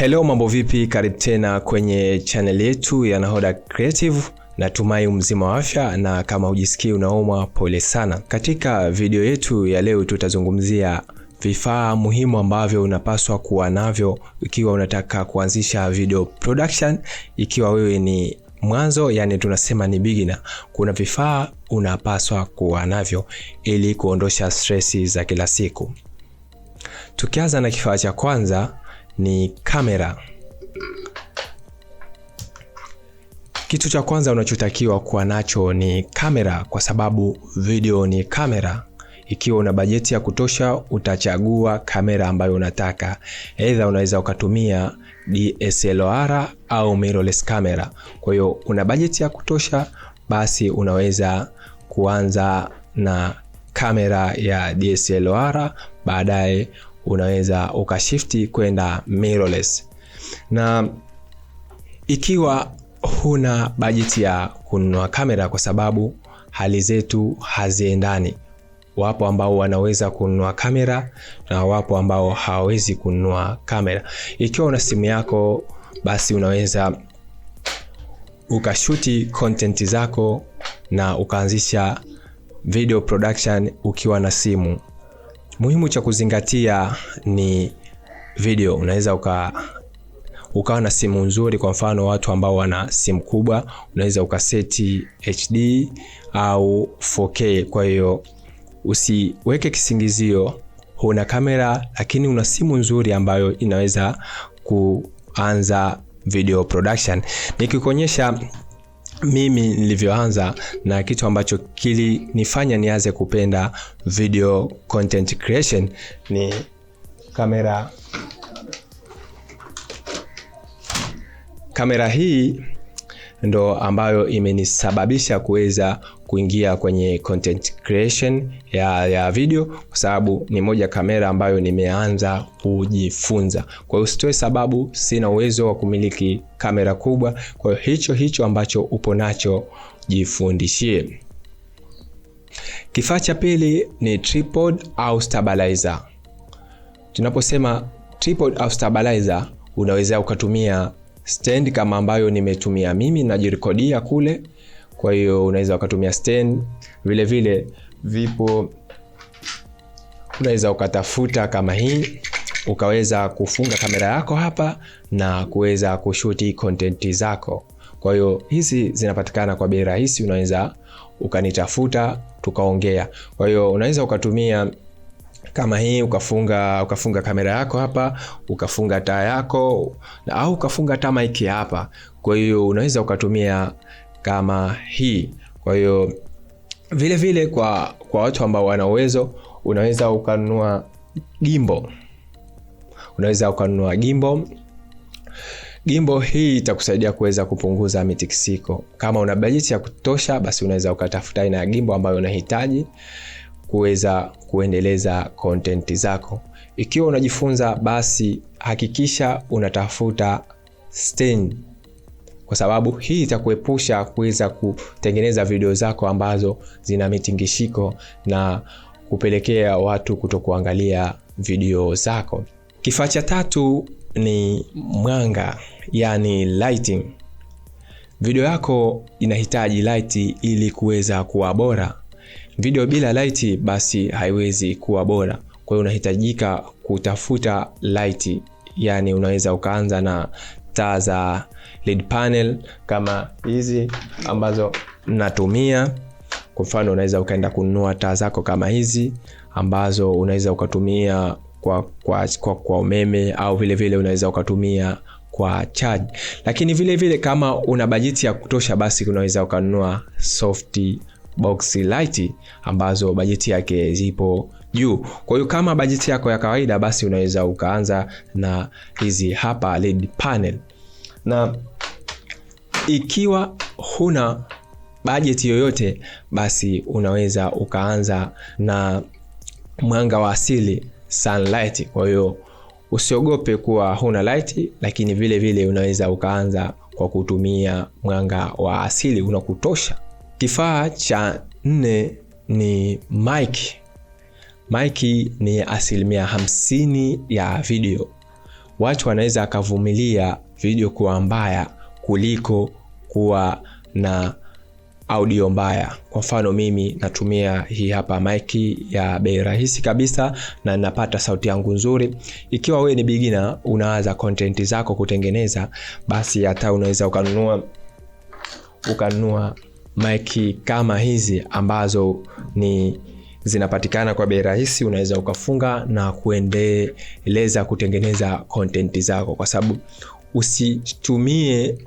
Hello, mambo vipi? Karibu tena kwenye channel yetu ya Nahoda Creative. Natumai mzima wa afya, na kama hujisikii unaumwa, pole sana. Katika video yetu ya leo tutazungumzia vifaa muhimu ambavyo unapaswa kuwa navyo ikiwa unataka kuanzisha video production, ikiwa wewe ni mwanzo yani, tunasema ni beginner. Kuna vifaa unapaswa kuwa navyo ili kuondosha stresi za kila siku. Tukianza na kifaa cha kwanza ni kamera. Kitu cha kwanza unachotakiwa kuwa nacho ni kamera, kwa sababu video ni kamera. Ikiwa una bajeti ya kutosha, utachagua kamera ambayo unataka. Aidha, unaweza ukatumia DSLR au mirrorless camera. Kwa hiyo una bajeti ya kutosha, basi unaweza kuanza na kamera ya DSLR, baadaye unaweza ukashifti kwenda mirrorless. Na ikiwa huna bajeti ya kununua kamera, kwa sababu hali zetu haziendani, wapo ambao wanaweza kununua kamera na wapo ambao hawawezi kununua kamera. Ikiwa una simu yako, basi unaweza ukashuti content zako na ukaanzisha video production ukiwa na simu. Muhimu cha kuzingatia ni video. Unaweza uka ukawa na simu nzuri, kwa mfano watu ambao wana simu kubwa, unaweza ukaseti HD au 4K. Kwa hiyo usiweke kisingizio huna kamera lakini una simu nzuri ambayo inaweza kuanza video production. Nikikuonyesha mimi nilivyoanza na kitu ambacho kilinifanya nianze kupenda video content creation ni kamera. Kamera hii ndo ambayo imenisababisha kuweza kuingia kwenye content creation ya, ya video kwa sababu ni moja kamera ambayo nimeanza kujifunza. Kwa hiyo usitoe sababu sina uwezo wa kumiliki kamera kubwa. Kwa hiyo hicho hicho ambacho upo nacho jifundishie. Kifaa cha pili ni tripod au stabilizer. Tunaposema tripod au stabilizer, unaweza ukatumia stand kama ambayo nimetumia mimi, najirikodia kule. Kwa hiyo unaweza ukatumia stand vile vile, vipo unaweza ukatafuta kama hii ukaweza kufunga kamera yako hapa na kuweza kushuti content zako. Kwa hiyo hizi zinapatikana kwa bei rahisi, unaweza ukanitafuta tukaongea. Kwa hiyo unaweza ukatumia kama hii ukafunga ukafunga kamera yako hapa ukafunga taa yako au ukafunga taa maiki hapa. Kwa hiyo unaweza ukatumia kama hii. Kwa hiyo vile vile kwa, kwa watu ambao wana uwezo unaweza ukanunua gimbo, unaweza ukanunua gimbo. Gimbo hii itakusaidia kuweza kupunguza mitikisiko. Kama una bajeti ya kutosha, basi unaweza ukatafuta aina ya gimbo ambayo unahitaji kuweza kuendeleza kontenti zako. Ikiwa unajifunza, basi hakikisha unatafuta stand, kwa sababu hii itakuepusha kuweza kutengeneza video zako ambazo zina mitingishiko na kupelekea watu kutokuangalia video zako. Kifaa cha tatu ni mwanga, yani lighting. Video yako inahitaji light ili kuweza kuwa bora. Video bila light basi haiwezi kuwa bora, kwa hiyo unahitajika kutafuta light, yani unaweza ukaanza na taa za LED panel kama hizi ambazo mnatumia. Kwa mfano unaweza ukaenda kununua taa zako kama hizi ambazo unaweza ukatumia kwa, kwa, kwa, kwa umeme au vilevile unaweza ukatumia kwa charge, lakini vilevile vile kama una bajeti ya kutosha, basi unaweza ukanunua soft light ambazo bajeti yake zipo juu. Kwa hiyo kama bajeti yako ya kawaida, basi unaweza ukaanza na hizi hapa LED panel, na ikiwa huna bajeti yoyote, basi unaweza ukaanza na mwanga wa asili sunlight. Kwa hiyo usiogope kuwa huna light, lakini vile vile unaweza ukaanza kwa kutumia mwanga wa asili unakutosha. Kifaa cha nne ni mic. Mic ni asilimia hamsini ya video. Watu wanaweza akavumilia video kuwa mbaya kuliko kuwa na audio mbaya. Kwa mfano mimi natumia hii hapa mic ya bei rahisi kabisa na napata sauti yangu nzuri. Ikiwa we ni beginner, unaanza content zako kutengeneza, basi hata unaweza ukanunua ukanunua maiki kama hizi ambazo ni zinapatikana kwa bei rahisi, unaweza ukafunga na kuendeleza kutengeneza kontenti zako, kwa sababu usitumie